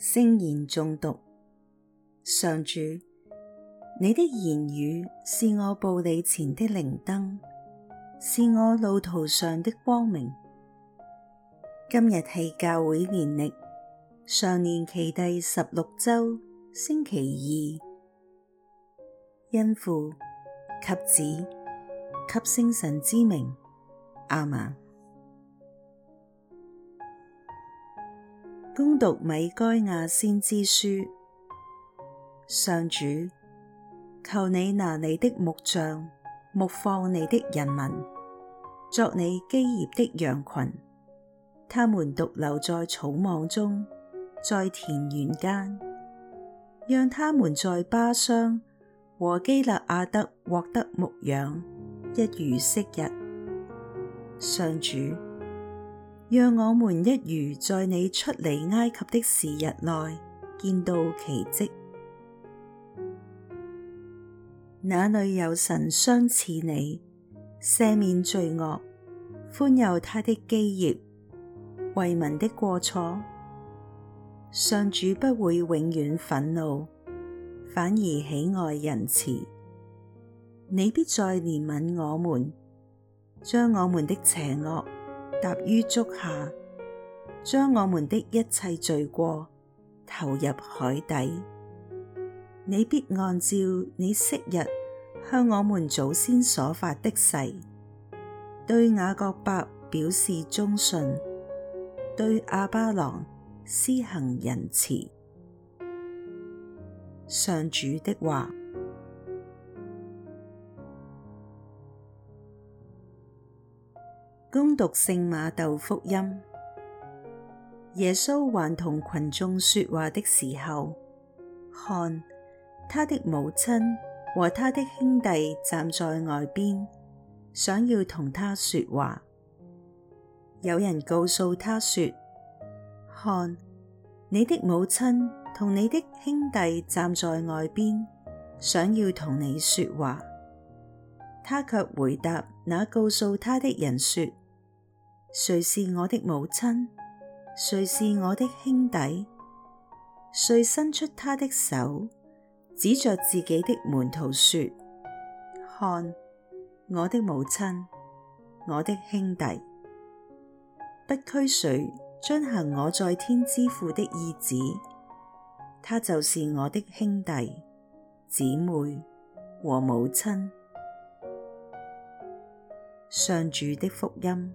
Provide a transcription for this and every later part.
聖言誦讀，上主，你的言語是我步履前的靈燈，是我路途上的光明。今日係教會年曆常年期第十六周星期二，因父及子及聖神之名，阿們。恭讀米該亞先知書，上主，求你拿你的牧杖、牧放你的人民，作你基業的羊群，他們獨留在草莽中，在田園間，讓他們在巴商和基肋阿得獲得牧養，一如昔日，上主。讓我們一如在你出離埃及的時日內，見到奇蹟。那裏有神相似你，赦免罪惡，寬宥他的基業，遺民的過錯？上主不會永遠憤怒，反而喜愛仁慈。你必再憐憫我們，將我們的邪惡，踏於足下，將我們的一切罪過投入海底。你必按照你昔日向我們祖先所發的誓，對雅各伯表示忠信，對亞巴郎施行仁慈。上主的話。恭讀聖瑪竇福音，耶穌還同群眾說話的時候，看，他的母親和他的兄弟站在外邊，想要同他說話。有人告訴他說：看，你的母親同你的兄弟站在外邊，想要同你說話。他卻回答那告訴他的人說，誰是我的母親？誰是我的兄弟？遂伸出他的手，指着自己的門徒說：看，我的母親，我的兄弟，不拘誰遵行我在天之父的意旨，他就是我的兄弟、姊妹和母親。—上主的福音。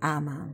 阿媽。